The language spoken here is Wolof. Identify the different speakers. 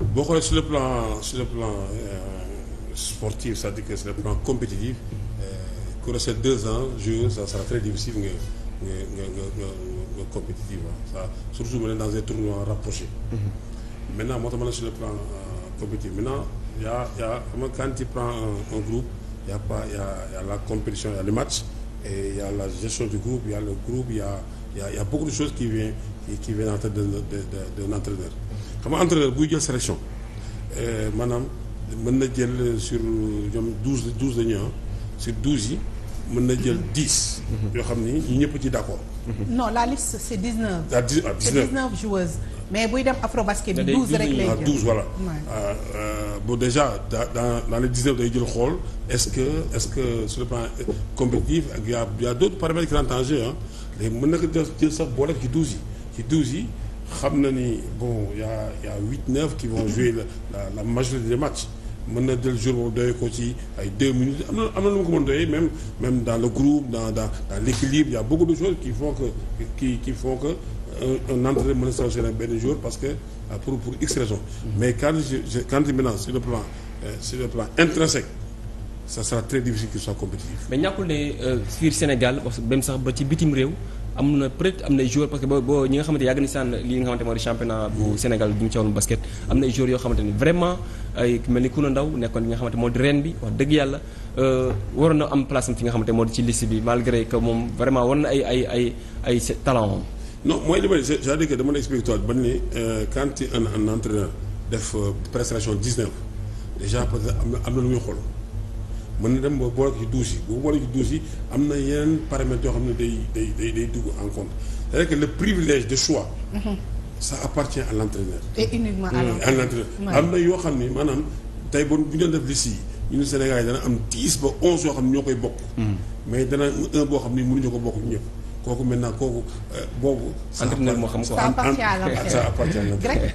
Speaker 1: boo xoolee sur le plan sur le plan sportif c'est-à-dire que sur le plan compétitif ku resté deux ans joué ça sera très difficile nga nga nga nga nga compétitif surtout mu ne dans un tournoi rapproché. maintenant moo ma ne sur le plan compétitif maintenant y a y quand tu prends un, groupe y a la compétition y a le match et il y a la gestion du groupe il y a le groupe il y a il y a, y beaucoup de choses qui viennent qui, qui viennent xam nga entraîneur buy jël sélection euh, maanaam mën na jël sur ñoom douze douze dañuy sur douze yi mën na jël dix. yoo xam ni ñu ñëpp ci d' accord.
Speaker 2: la liste si est dix neuf. ah dix neuf c' mais buy dem afrobasket bi douze rek lay jël douze voilà. Ah,
Speaker 1: euh, bon déjà dans dans les dix neuf day jël xool est ce que est ce que sur le plan euh, compétitif ak y' a y' a d' autres paramètres qui rentrent en jeu ah mën na ko jël sax boole ci douze yi ci douze yi. xam na ni bon y' a a huit neuf qui vont jouer la la la majorité des matchs mën na del jour boobu doyee ko ci ay deux minutes am na am na lu ma ko mën doyee même même dans le groupe dans dans dans l' équilibre y' a beaucoup de choses qui font que qui qui font que euh, un entraîneur mën a sanctionner benn jour parce que euh, pour pour x mm-hmm. mais quand je quand maintenant sur le plan euh, sur le plan intrinsèque. ça sera très difficile qu'il soit compétitif.
Speaker 2: mais ñàkkul ne fii Sénégal même sax ba ci bitim réew. am na peut-être am nay joueurs parce que boo ñi nga xamante yàgg na saan li nga xamante moo di championnat bu Sénégal bu ñu ci wàllu basket am na ay joueurs yoo xamante ni vraiment ay mel ni Kouna Ndaw nekkoon li nga xamante moo di ren bi wax dëgg yàlla euh, waroon na am place fi nga xamante moo di ci liste bi malgré que moom vraiment war na ay ay ay ay talent moom
Speaker 1: non mooy li may cest à dama la expliqué toi ba ni euh, quand un entraîneur def euh, prestation 19 xool mën na dem boo boole ko ci douche yi bu boole ko ci douche yi am na yeneen paramètres yoo xam ne day day day day dugg en compte cest le privilège de choix. ça appartient à l'entraîneur. et
Speaker 2: uniquement am
Speaker 1: na yoo xam ne maanaam tey bon bu ñu doon def liste yi ñun Sénégal yi dana am dix ba onze yoo xam ne ñoo koy bokk. Hmm. mais dana un boo xam ne mënuñu ko bokk ñëpp. kooku maintenant kooku euh, boobu. entrepreneur moo xam ko ça appartient à l'entraîneur